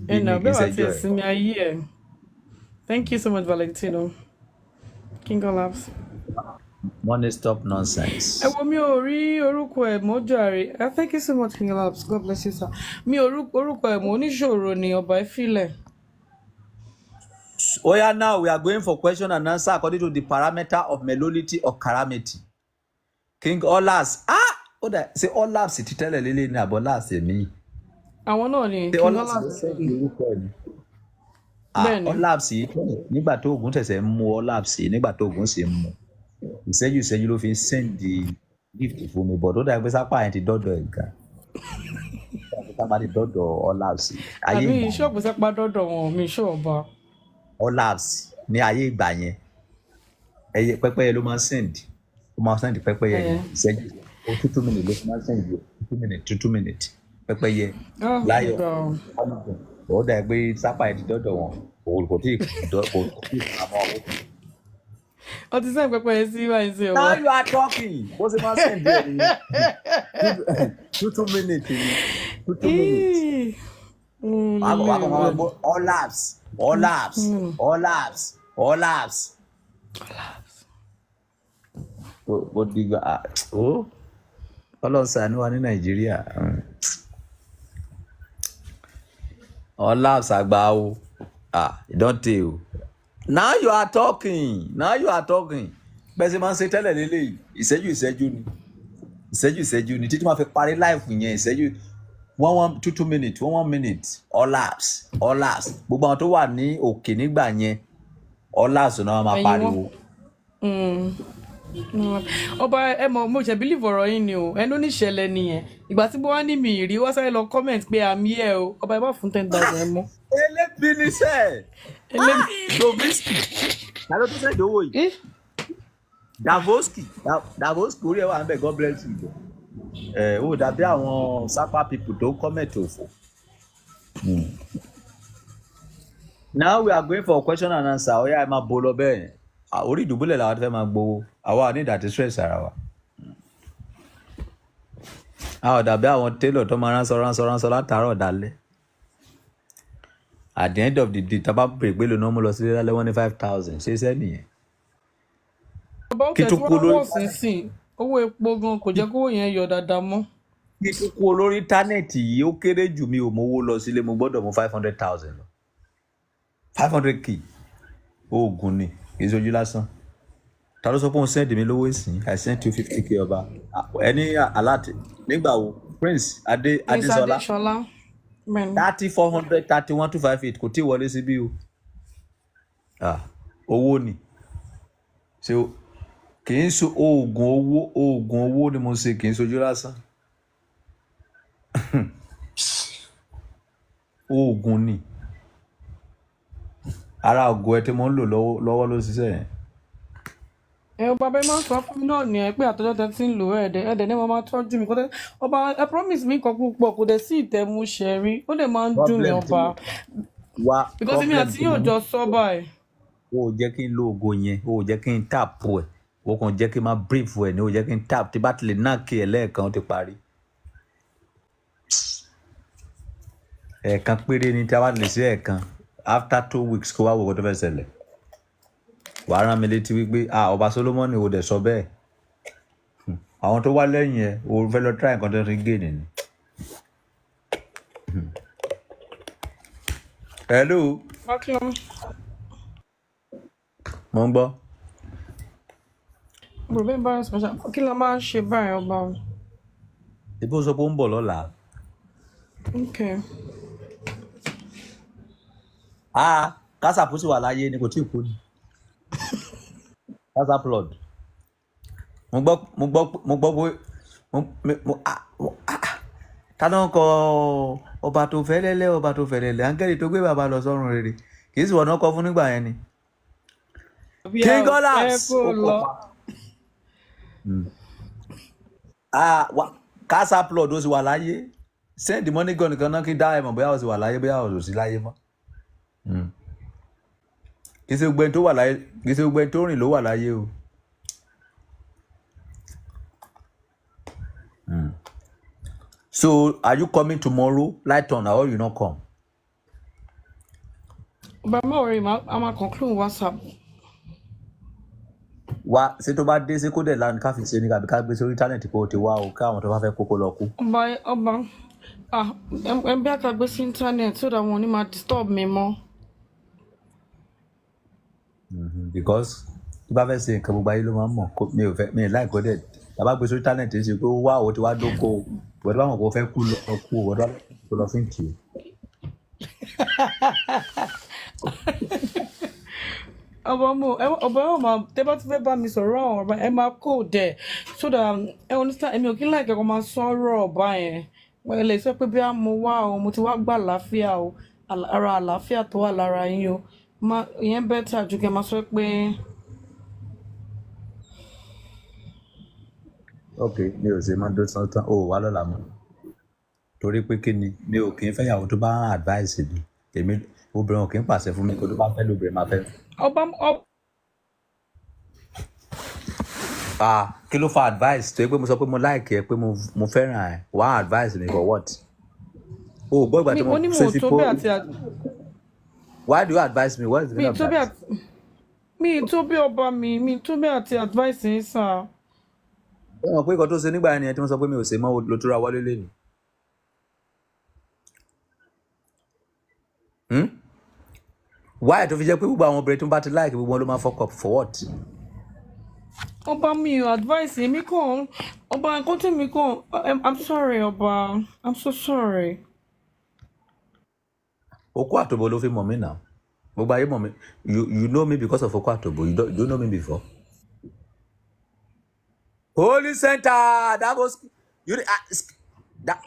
ẹnna bẹ́ẹ̀ wá ti ìsinmi ayé ẹ̀ thank you so much Valentino King Collapse. money stop nonsense. ẹ mi ò rí orúkọ uh, thank you so much King Collapse God bless you sir mi ò orúkọ moni mọ oníṣòro ni ọba ìfilẹ. oya oh, now we are going for question and answer according to the parameter of melody or karamity King Olas ah ó dà ṣe It ti tẹ́lẹ̀ lélẹ́yìn ní àbọ̀ láàṣẹ mi àwọn náà ni kí wọ́n láti sẹ́yìn orúkọ ẹ̀ ni ọláàpsì ah, nígbà tó oògùn tẹ̀sẹ̀ ń mu ọláàpsì nígbà tó oògùn sì ń mu ìṣẹ́jú ìṣẹ́jú ló fi ń sẹ́ǹdì gift fún mi bọ̀ tó dàgbé sápá yẹn ti dọ́dọ̀ ẹ̀ gan sápá ti dọ́dọ̀ ọláàpsì. àbí ṣọ́ọ̀bù sápá dọ́dọ̀ wọn mi ṣọ́ọ̀bà. ọláàpsì ní ayé ìgbà yẹn ẹyẹ pẹ́pẹ́yẹ ló máa ń sẹ́ǹdì ó máa ń sẹ́ǹdì pẹ́pẹ́yẹ yẹn ìṣẹ́jú ó tútù mìnì ló máa ń sẹ́ǹdì ó tútù mìnì tútù mìnì pẹ́pẹ́yẹ oh, láyọ̀ ó dà pé sápà ẹ̀ ti dọ́dọ̀ wọn kò tí kò tí àmọ́ ọ̀hún. ọ ti sẹ́yìn pẹ́pẹ́yẹ sí wáyé sí ọ̀wọ́. now you are talking bó ṣe máa sẹ́yìn bẹ́ẹ̀ ni two two minutes ni two two minutes. àbọ̀ àbọ̀ máa gbọ́ all labs all labs mm-hmm. all labs all labs. ó ó dìgbà ah, ó ọlọ́sàn-án wa ní nàìjíríà on laughs agba o ah you don now you are talking now you are talking bẹ́sẹ̀ máa ń ṣe tẹ́lẹ̀ lélẹ́yìí ìṣẹ́jú ìṣẹ́jú ni ìṣẹ́jú ìṣẹ́jú ni títí máa fi parí láìfù yẹn ìṣẹ́jú one one two two minutes one one minute all laps all laps gbogbo àwọn tó wà ní òkè nígbà yẹn all laps náà máa pariwo. ọba ẹ mọ mo ṣẹbi lè fọ̀rọ̀ yín ni o ẹnu níṣẹ̀lẹ̀ nìyẹn ìgbà tí mo wá ní mi ìrí wá sáré lọ comment pé àmì ẹ o ọba ẹ bá fún ten thousand ẹ mọ. elébi ni sẹ elébi Dovinsky ta ló tún sẹ ìdówó yìí awọn eh? Davosky orí ẹ wà ń God bless you ẹ dàbí àwọn sapa pipo tó comment òfò. Hmm. Now we are going for question and answer ọ̀yá ẹ máa bo lọ bẹ́ẹ̀ yẹn. orí ìdùbúlẹ̀ làwọn fẹ́ máa gbowó àwa ní ìdàtí stress ara wa. a ò dàbí àwọn télọ̀ tó máa ránṣọ ránṣọ ránṣọ látàárọ̀ dalẹ́ at the end of the day tábà pè pé lónà mo lọ sí lálẹ́ wọ́n ní five thousand ṣé iṣẹ́ nìyẹn. kí tó kú lórí owó epo gan kò jẹ́ kówó yẹn yọ dáadáa mọ́ kí tó kú olórí íńtánẹ́ẹ̀tì yìí ó kéré jù mí ò mówó lọ sílé mo gbọ́dọ̀ mú five hundred thousand five hundred k oògùn ni kì í ṣojú lásán ta ló sọ pé òun sẹ́ǹdì mi lówó ìsìn i sent two fifty k ọba ẹni aláàtì nígbà wo prince adé adésọlá thirty four hundred thirty one two five eight kò tí ì wọlé síbí o owó ni ṣe kì í so oògùn owó oògùn owó ni mo ṣe kì í sojú lásán *laughs* oògùn ni ara ògo ẹ tí mo ń lò lọ́wọ́ ló ṣiṣẹ́ yẹn. ẹ ọba bẹ́ẹ̀ máa ń sọ fún mi náà ní ẹ pé àtọ́jọ́ tẹ ti ń lò ẹ̀dẹ̀ ẹ̀dẹ̀ ní mo máa tọ́jú mi kó tẹ́ ọba ẹ promise mi kan púpọ̀ kò dẹ̀ sí ìtẹ̀mú ṣẹ̀rí ó dẹ̀ máa ń dùn ní ọba because mi àti yóò jọ sọ báyìí. o ò jẹ́ kí n lo ògo yẹn o ò jẹ́ kí n tààpù ẹ̀ o kàn jẹ́ kí n máa brief ẹ̀ ní o jẹ́ kí n tààpù tí bá tilẹ̀ náà kí ẹ lẹ́ẹ̀kan ti parí. ẹ̀ẹ̀kan péré ni tí a bá lè ṣe ẹ̀ẹ̀kan after two weeks kó wá wò kó tó fẹ́ ṣẹlẹ̀ wàá rán mi létí wípé ah ọba Solomoni ò dẹ̀ sọ bẹ́ẹ̀ hmm. àwọn tó wá lẹ́yìn ẹ̀ o fẹ́ lọ try nǹkan tó ti gé nìyí. hello. mo ń gbọ́. bùrùbẹ́ bá yẹn sọ̀rọ̀ kí ló máa ń ṣe báyìí ọba o. ìbúsọ̀pọ̀ ń bọ̀ lọ́la. okay ah kásápù sì wà láyé ni kò tí ì kú ni kásápù lord mo gbọ́ mo gbọ́ mo gbọ́ pé mo ah, ah, tánà kọ ọba tó fẹ́lẹ́lẹ́ ọba tó fẹ́lẹ́lẹ́ áńgẹ́lì tó gbé bàbá lọ sọ́run rere kì í sì wọ̀nà kọ fún nígbà yẹn ni. King Olaf kásápù hmm. ah, lord ó sì wà láyé send money gun kan náà kí dá ẹ mọ̀ bóyá ó sì wà láyé bóyá ó sì láyé mọ́. Hmm. kì í ṣe gbogbo ẹni tó wà láyé kì í ṣe gbogbo ẹni tó rìn ló wà láyé o. Hmm. So are you coming tomorrow? Light on, or you not come? But mo worry, I'm a conclude WhatsApp. Wá ṣé tó bá dé sí kó dẹ̀ lánàá ká fi ṣe ní kàbí ká gbé sórí íńtánẹ́ẹ̀tì kó o ti wá o ká àwọn tó bá fẹ́ kókó lọ kú. Ọba ọba ah, ẹ bí a kà gbé sí íńtánẹ́ẹ̀tì so that wọn ò ní máa disturb mi mọ́. Mhm. because tó bá fẹ́ ṣe nǹkan gbogbo ayé ló máa ń mọ̀ mi ò fẹ́ mi ì láì kọ́dẹ̀ bàbá gbé sórí tálẹ̀ntì ṣe pé wá o ti wá dóko wọ́n tó bá mọ̀ kó fẹ́ kú lọ kú wọ́n tó lọ fi ń kì í. ọmọ mo ọmọ ẹ máa tẹ bá ti bá mi sọ̀rọ̀ ọba ẹ máa kó dẹ so that um, ẹ understand èmi ò kí ń láì kẹ́kọ̀ọ́ máa sọ̀rọ̀ ọba yẹn ẹ lè sọ pé bí a mo wá o mo ti wá gbà láàfíà o ara àlàáfíà tó wà lára yín o ìyẹn bẹ́tà ju kẹ́ máa sọ pé. ok mi ò ṣe máa dó tán tán o wà lọ́la mọ́ torí pé kí ni mi ò kì í fẹ́yàwó tó bá ń advice mi èmi obìnrin ò kì í pàṣẹ fún mi kó tó bá fẹ́ lóbìnrin máa fẹ́. ọba ọba. ah kí ló fa advice tó yẹ pé mo sọ pé mo like ẹ pé mo fẹ́ràn ẹ wá advice mi for what. o gbọ́ ìgbà tí mo ṣe sí pé why do you advise me what is the kind of advice. mi tó me. ọba mi mi tó bí advice yín sàn. ó mọ̀ pé nǹkan tó ṣe nígbà yẹn ni tí wọ́n sọ pé mi ò ṣe mọ́ ló tó ra wálé lẹ́nu. Hmm? why tó fi jẹ́ pé gbogbo àwọn obìnrin tó ń bá ti láìkí gbogbo wọn ló fuck up for what. ọba mi ò advice yẹn mi kàn ọba nǹkan tí mi kàn i'm sorry ọba i'm so sorry. Oko Atobo ló fi mọ̀ mí náà. Gbogbo ayé mọ̀ mí. You you know me because of Oko Atobo. You don't, you don't know me before. Holy center that was you uh, that.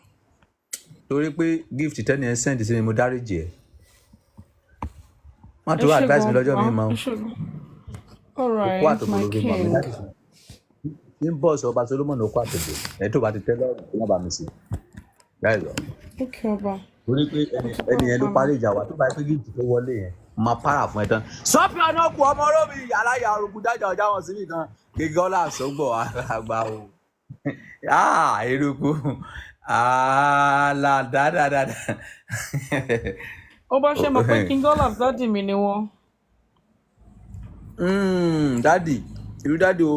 Torí pé gift ten yẹn send sí mi mo dáríjì ẹ̀. Wọ́n ti wá advice mi lọ́jọ́ mi máa. Oko Atobo ló fi mọ̀ mí láti sùn ní bọ́ọ̀sì ọba solomoni okwakobo ẹ̀ tó bá ti tẹ́lẹ̀ ọ̀rọ̀ tó mi sí. báyìí lọ torí pé ẹni yẹn ló parí ìjà wa tó báyìí pé gíìtì tó wọlé yẹn máa para fún ẹ tán. sọ́pì ọ̀nà kù ọmọ olómi aláya orúkú dájà ọjà wọn síbì kan gígọ́ làṣọgbọ̀ àgbà o. *laughs* Ah, eruku aládàdàdà. ó bá ṣe mọ̀ pé *laughs* kingolab dádì mi ni wọ́n. Hmm, dádì irú dádì o.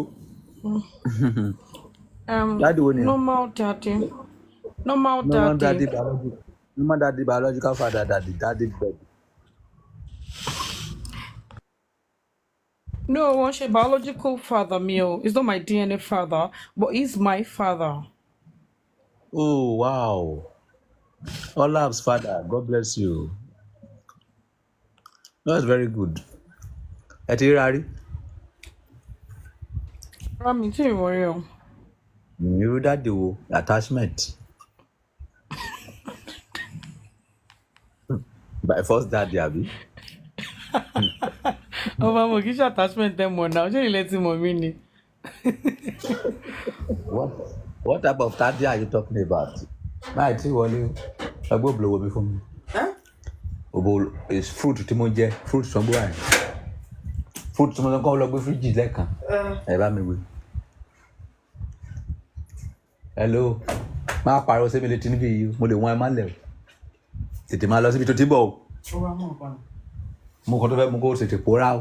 Mm. *laughs* Um, dádì wo ni. normal daddy normal daddy. normal daddy biology. My daddy biological father daddy daddy baby. No, wọ́n ṣe biological father mi o. He's not my DNA father, but he's my father. Oh, wow. Olaf's father, God bless you. That's very good. Ẹ ti ríra rí. Rami tí ìwọ rí o. Irú dáde wo attachment. by first daddy àbí. *laughs* ọmọ mo kì í ṣe attachment ẹ mọ̀ náà ṣé ilé tí mo mí ni. *laughs* what what type of daddy are you talking about? máa tí wọlé ẹgbẹ́ òbúlówó mi fún mi. òbò is fruit tí mo jẹ fruit tí wọ́n gbé wá yẹn fruit tí mo kọ́ lọ gbé fíríjì lẹ́ẹ̀kan ẹ bá mi gbé. hello máa pariwo sí mi létí níbí yìí mo lè wọ́n ẹ má lẹ̀ o tètè máa lọ síbi tó ti bọ̀ o. mo kọ́ tó fẹ́ mú kó tètè pòórá o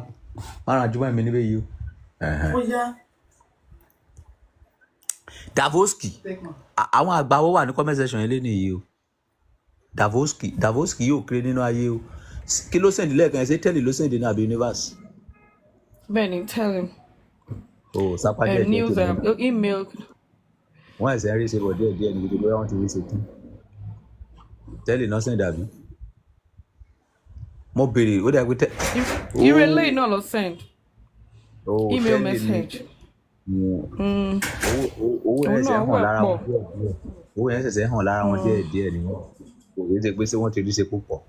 márùn àjùmọ̀ mi níbẹ̀ yìí o. Davoski àwọn àgbàwọ wà ní comment section ilé nìyí o Davoski Davoski yóò kéré nínú ayé o kí ló sẹ̀ndí lẹ́ẹ̀kan ẹ̀ ṣe tẹ́lẹ̀ ló sẹ̀ndí náà àbí universe. bẹ́ẹ̀ni tẹ́lẹ̀. o sapa díẹ̀ eh, díẹ̀ tó ní. email. wọ́n ẹ̀sẹ̀ rí ṣe bọ̀ díẹ̀ díẹ̀ níbi tí wọ́n ti rí ṣe tán tẹ́lẹ̀ náà sẹ́ǹd àbí mo béèrè ó dàgbé tẹ́. ìrè lẹ́yìn náà lọ send oh, email message. Hmm. Hmm. owó yẹn ṣẹ̀ṣẹ̀ hàn lára wọn díẹ̀ díẹ̀ owó yẹn ṣẹ̀ṣẹ̀ hàn lára wọn díẹ̀ hmm. díẹ̀ ni wọn kò rí ṣe pé ṣé wọ́n ti rí ṣe púpọ̀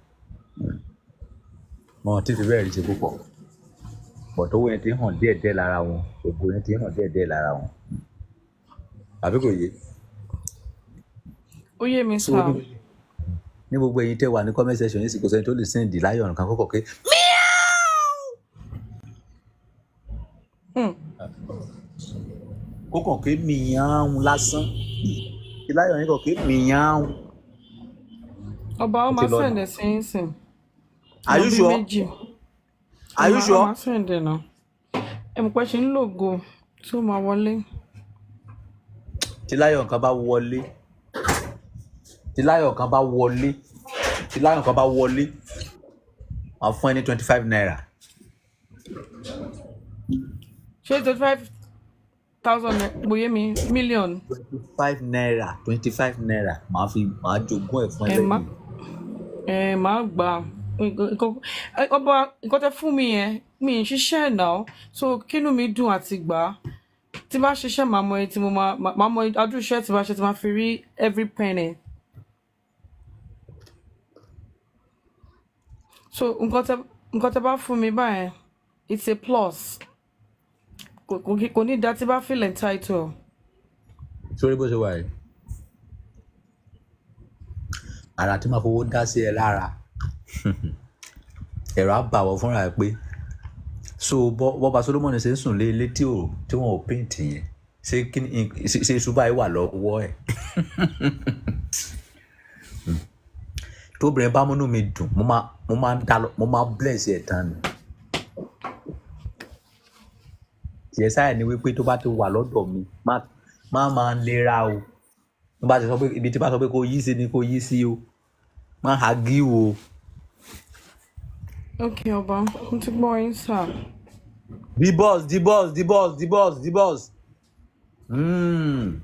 wọn ti fi bẹ́ẹ̀ rí ṣe púpọ̀ bọ̀tọ̀ owó yẹn ti hàn díẹ̀ díẹ̀ lára wọn ògo yẹn ti hàn díẹ̀ lára wọn àbí kò yé. ó yé mi sáà ní gbogbo ẹ̀yin tẹ́ wà ní comment section yìí sì kò sẹ́ni tó lè sẹ́ndì láyọ̀ nǹkan kọ́kọ́ pé míáwó. kókàn pé mìíyàn lásán ìláyọ̀ yín kàn pé mìíyàn. ọba ó máa sẹ̀ǹdẹ̀ sí yín sìn. àyùṣọ àyùṣọ. ọba ó máa sẹ̀ǹdẹ̀ náà ẹ̀mùpẹ́ ṣe ń lògo tí ó máa wọlé. tí láyọ̀ nǹkan bá wọlé tí láyọ̀ kan bá wọlé tí láyọ̀ kan bá wọlé wọ́n fún ẹ ní twenty five naira. ṣé twenty five thousand bóyá mi million. twenty five naira twenty five naira màá fi màá jogún ẹ fún ẹ lẹ́yìn. ẹ máa gbà ọba nǹkan tẹ fún mi yẹn mi ń ṣiṣẹ́ ẹ̀ náà so kínú mi dùn àti gbà á tí bá ṣiṣẹ́ màá mọ ẹ tí mo máa mọ adúṣe tí bá ṣe tí máa fi rí every penny. so nǹkan tẹ bá fún mi báyẹn it's a plus kò ní ìdá tí feel entitled. sórí bó ṣe wà yìí ara tí máa fowó dá sí ẹ lára *laughs* ẹ̀rọ àbàwọ̀ fúnra ẹ pé so bọ́ba Solomoni ṣe ń sùn lé ilé tí wọ́n ò píǹtì yẹn ṣé iṣu báyìí wà lọ́wọ́ ẹ̀. *laughs* tóbìnrin bá múnú mi dùn mo máa mo máa ń dá lọ mo máa bless ẹ̀ tán ni. ìyẹ́sáyà ni wípé tó bá ti wà lọ́dọ̀ mi má máa lera o tó bá ti sọ pé ibi tí bá sọ pé kò yí sí ni kò yí sí o má ha gí o. ok ọba mo ti gbọ́ yín sà. the boss the boss the boss the boss the boss. Mm.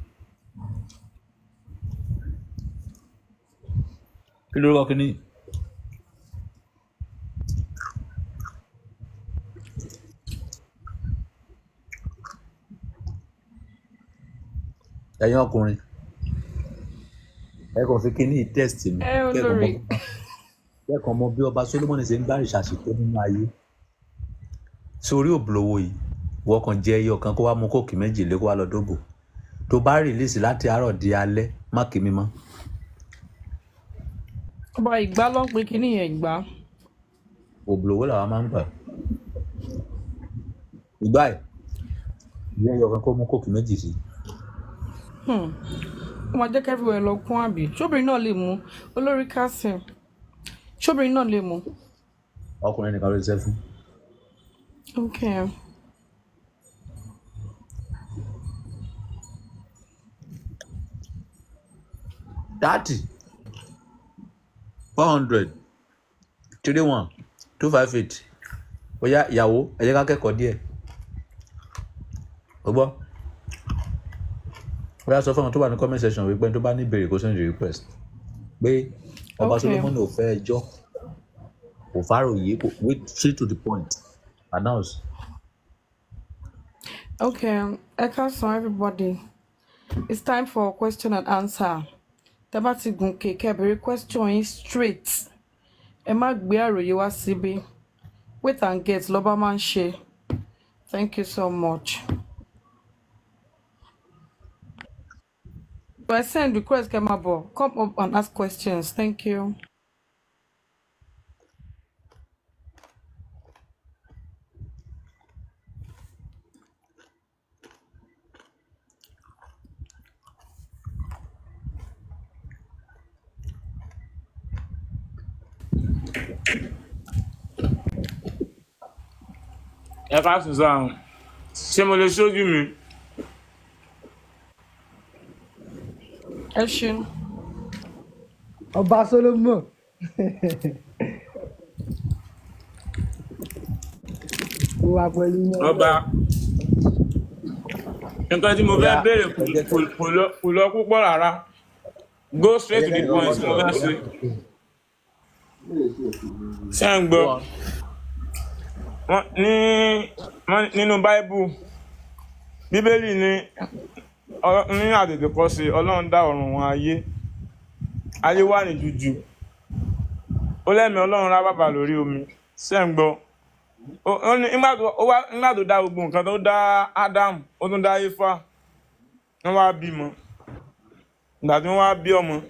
kí lórúkọ kìíní. ẹ̀yin ọkùnrin ẹ kàn fi kíní test mi kẹ́kọ̀ọ́ mọ bí ọba Solomoni ṣe ń bá ìṣàṣìkò nínú ayé sórí òbúlówó yìí wọ́n kàn jẹ́ ẹyọ kan kó wá mú kóòkì méjì lé kó wá lọ dógò tó bá rìlíìsì láti àárọ̀ di alẹ́ má kí mi mọ́ ọba ìgbà ló ń pe kinní yẹn ìgbà. òbòlówó làwa máa ń gbà ìgbà ẹ ìyá ẹyọ kan kó mú kóòkì méjì sí. wọ́n hmm. máa jẹ́ kẹ́fì ẹ̀ lọ kún àbí ṣóbìnrin náà lè mú olórí kásìn ṣóbìnrin náà lè mú. ọkùnrin nìkan ló ṣe fún. ok. dati one hundred three one two five eight Oya, ìyàwó ẹ jẹ́ ká kẹ́kọ̀ọ́ díẹ̀ ó gbọ́ bóyá sọ fún ọ tó wà ní comment section wípé tó bá ní ìbéèrè kó send request pé ọba Solomoni ò fẹ́ ẹjọ́ kò fáròyé kò wait straight to the point announce. okay ẹ ká sàn everybody it's time for question and answer tẹ bá ti gùn kè kẹbìrì question yín straight ẹ má gbé àròyé wá síbí wait and get lọ́ba máa ń ṣe thank you so much. I send request kẹ́ máa come up and ask questions thank you. ẹ ká sùn sáà o ṣé mo lè ṣojú mi. ẹ ṣeun. ọba solomon. wà pẹ̀lú yẹn. ọba nǹkan tí mo fẹ́ béèrè kò lọ púpọ̀ rárá go straight to the point mo fẹ́ ṣe. ṣé ń gbọ́. nínú báíbù bíbélì ni ní àtètè kọ sí ọlọ́run dá ọ̀run wọn ayé ayé wà ní jújù ó lẹ́mìí ọlọ́run rá bàbà lórí omi ṣe ń gbọ́ nígbà tó dá gbogbo nǹkan tó dá Ádámù ó tún dá Éfà wọ́n wá bímọ ìgbà tí wá bí ọmọ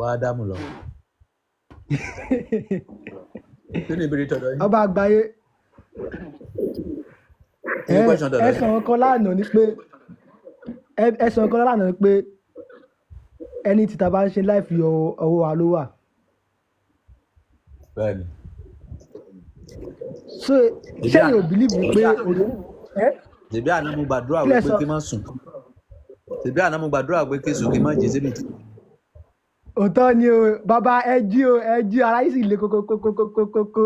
wá ádámù lọ. kí ni ìbéèrè tọ̀dọ̀ yín. ọba àgbáyé ẹ sọ ọkọ lánàá ni pé ẹ sọ ọkọ lánàá ni pé ẹni tí ta bá ń ṣe láìfi ọwọ́ wa ló wà. bẹ́ẹ̀ni. so ṣé yóò bílíìfù pé òde. tèbí àná mo gbàdúrà wípé kí n má sùn tèbí àná mo gbàdúrà pé kí n sùn kí n má jẹ síbi tí òótọ́ ni o bàbá ẹ jí o ẹ jí o ara yìí sì le kókókókókókókó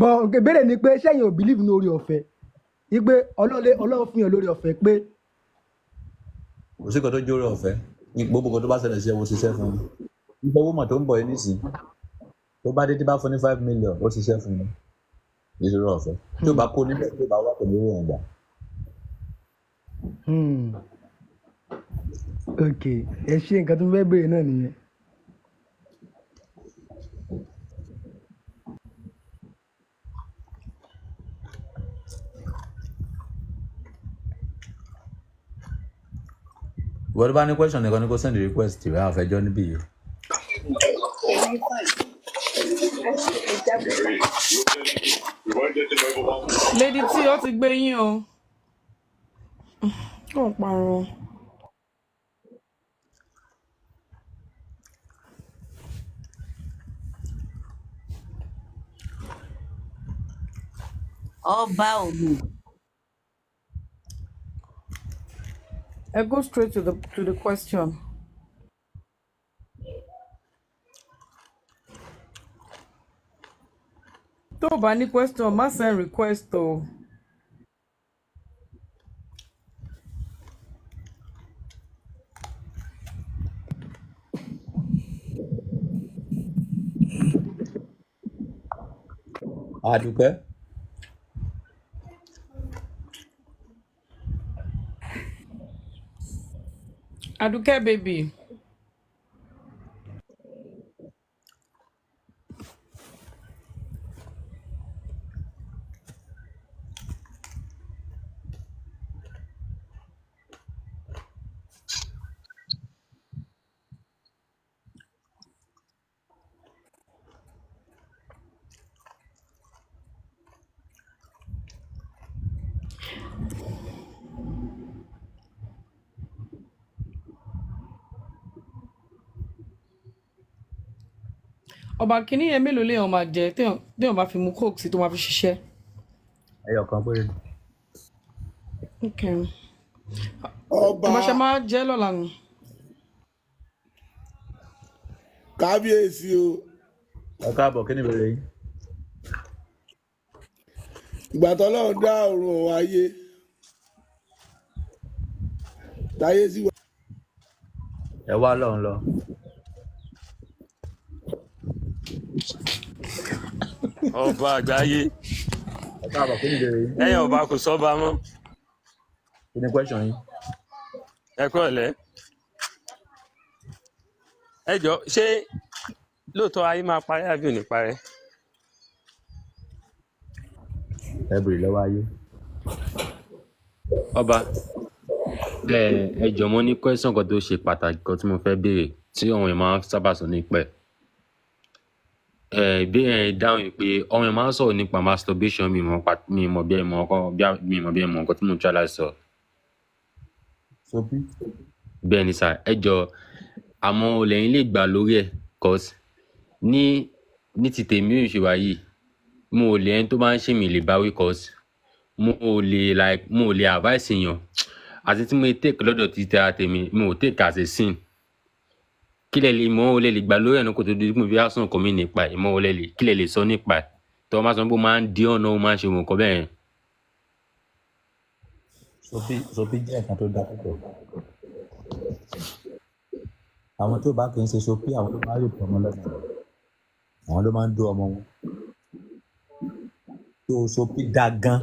bọ̀ ìbéèrè ni pé sẹ́yìn ò believe ní orí ọ̀fẹ́ wípé ọlọ́ọ̀lẹ́ ọlọ́run fi hàn lórí ọ̀fẹ́ pé. kò sí kan tó jó orí ọ̀fẹ́ gbogbo kan tó bá ṣẹlẹ̀ sí ẹ mo ṣiṣẹ́ fún mi nígbà owó mọ̀ tó ń bọ̀ yín nísìnyí tó bá dé bá fún ní five million ó ṣiṣẹ́ fún mi ìṣòro ọ̀fẹ́ tí ò bá kó níbẹ̀ tó bá wà pẹ̀lú owó ọ̀gbà. Hmm. Okay. Ẹ ṣe nǹkan tí mo fẹ́ béèrè náà nìyẹn. Ìwọ tó bá ní question nìkan ni kó send request rẹ àfẹjọ́ níbí yìí. Lady tí ó ti gbé o. Kò parọ́. Ọba Ògùn. I go straight to the to the question. Tó o bá ní question, má send request o. Oh. àdúpẹ́. àdúkẹ́ baby. ọba kínní yẹn mélòó léèyàn máa jẹ téèyàn bá fi mu coke sí tó máa fi ṣiṣẹ́. ẹyọ kan péré. ọba ọmọọṣẹ máa jẹ lọ́la nù. kábíyèsí o. ẹ káàbọ̀ kí ni ìbéèrè yín. ìgbà tó lọ́run dá òrùn òun ayé táyé sí wa. ẹ wá lọ́run lọ. ọba àgbáyé ẹyẹ ọba kò sọba mọ. kí ni question yín. ẹ kúrò lẹ ẹ jọ ṣé lóòótọ́ ayé máa parí àbí ò ní parí. ẹ bèrè lọ́wọ́ ayé. ọba ẹ ẹ jọ mo ní question kan tó ṣe pàtàkì kan tí mo fẹ́ béèrè tí àwọn èèyàn máa ń sábà sọ nípa ẹ̀ ìbéèrè dáhùn pé ọmọ ẹ máa ń sọ̀rọ̀ nípa masturbation mi mọ̀ mi mọ̀ bí ẹ mọ̀ ọkọ mi mọ̀ bí ẹ mọ̀ nǹkan tí mo ń try láti sọ. bẹ́ẹ̀ ni sà ẹ jọ àmọ́ olẹ́yìn lè gbà lórí ẹ̀ cos ní ní ti tèmi ò ṣe wá yìí mo ò lè ẹni tó bá ń ṣe mí lè báwí cos mo ò lè like mo ò lè advice yàn àti tí mo take lọ́dọ̀ ti tẹ́ra tèmi mo ò as a sin kílẹ̀ lè ìmọ̀ olè lè gbà lórí ẹ̀nà kò tó di pé bíyà sàn kọ́mí nípa ìmọ̀ olè lè kílẹ̀ lè sọ nípa tó o máa sọ pé ó máa ń di ọ̀nà ó máa ń ṣe nǹkan bẹ́ẹ̀. sopi sopi jẹ́ nǹkan tó dáa púpọ̀ àwọn tó bá kì í ṣe sopi àwọn ló máa ń rèpọ̀ ọmọ lọ́nà àwọn ló máa ń dó ọmọ wọn tó sopi dáa gan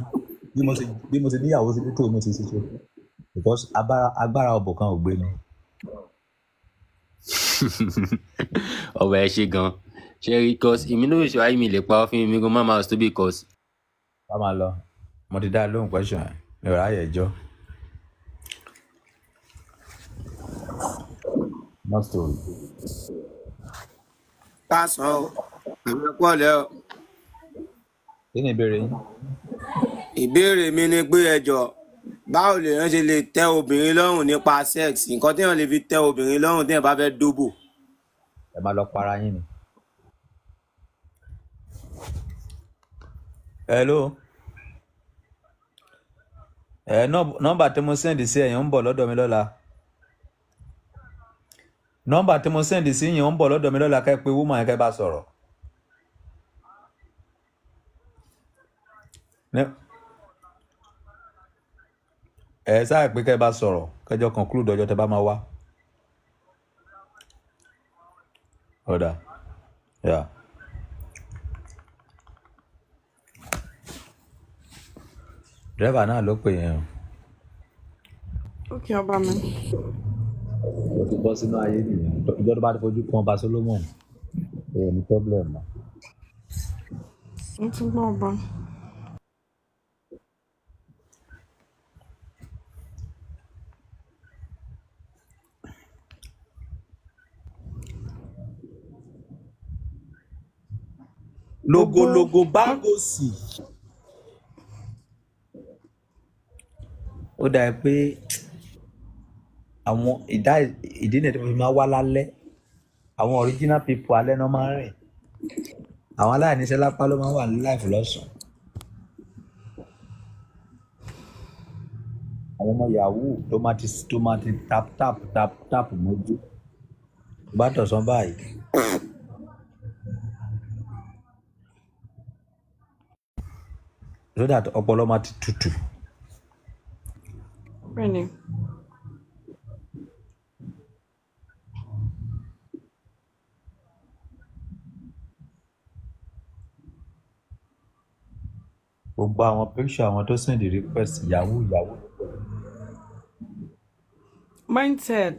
bí mo ṣe níyàwó sí tó mo ti ṣe sopi because agbára ọbọ̀ kan ò gbé mi. *laughs* ọ̀rọ̀ ẹ ṣe gan ṣe rí cos èmi náà ṣe wáyé mi lè pa ọ́fíìn mi gan máma tó bí cos. wá máa lọ mo ti dá lóhùn question ẹ mi ò ráyè ẹjọ́. not story. pásọ àwọn ẹkọ ọlẹ o. kí ni ìbéèrè yín. ìbéèrè mi ni pé ẹ jọ̀ọ́ báwo lèèyàn ṣe lè tẹ obìnrin lọ́rùn nípa sex nǹkan téèyàn lè fi tẹ obìnrin lọ́rùn téèyàn bá fẹ́ dóbò. ẹ máa lọ para yín ni. hello ẹ nọ́mbà tí mo sẹ́ndì sí ẹ̀yin ń bọ̀ lọ́dọ̀ mi lọ́la nọ́mbà tí mo sẹ́ndì sí yìí ń bọ̀ lọ́dọ̀ mi lọ́la kẹ́ pé wúmọ̀ yẹn kẹ́ bá sọ̀rọ̀ ẹ sáà pé kẹ́ ẹ bá sọ̀rọ̀ kẹjọ conclude ọjọ́ tẹ bá máa wá. ọ̀dà yà. Yeah. dírẹ́bà náà ló pè yẹn o. ókè ọba mi. o ti bọ́ sínú ayé nìyẹn ìjọ tó bá ti fojú kan ọba Solomon èèyàn ní pọ́blẹ̀mù. mo ti gbọ́ ọba. logologo báńgòsì. ó dàbí pé àwọn ìdá ìdí nìyẹn tó fi máa wá lálẹ́ àwọn original people alẹ́ náà máa ń rìn àwọn aláìníṣẹ́ lápá ló máa ń wà ní láìfù lọ́sàn-án. àwọn ọmọ yahoo tó máa ti tó máa ti tap tap tap tap mọ́jú bá tọ̀sán báyìí. so that ọpọlọ máa ti tutù. Bẹ́ẹ̀ni. gbogbo àwọn picture àwọn tó send request yahoo yahoo. mindset.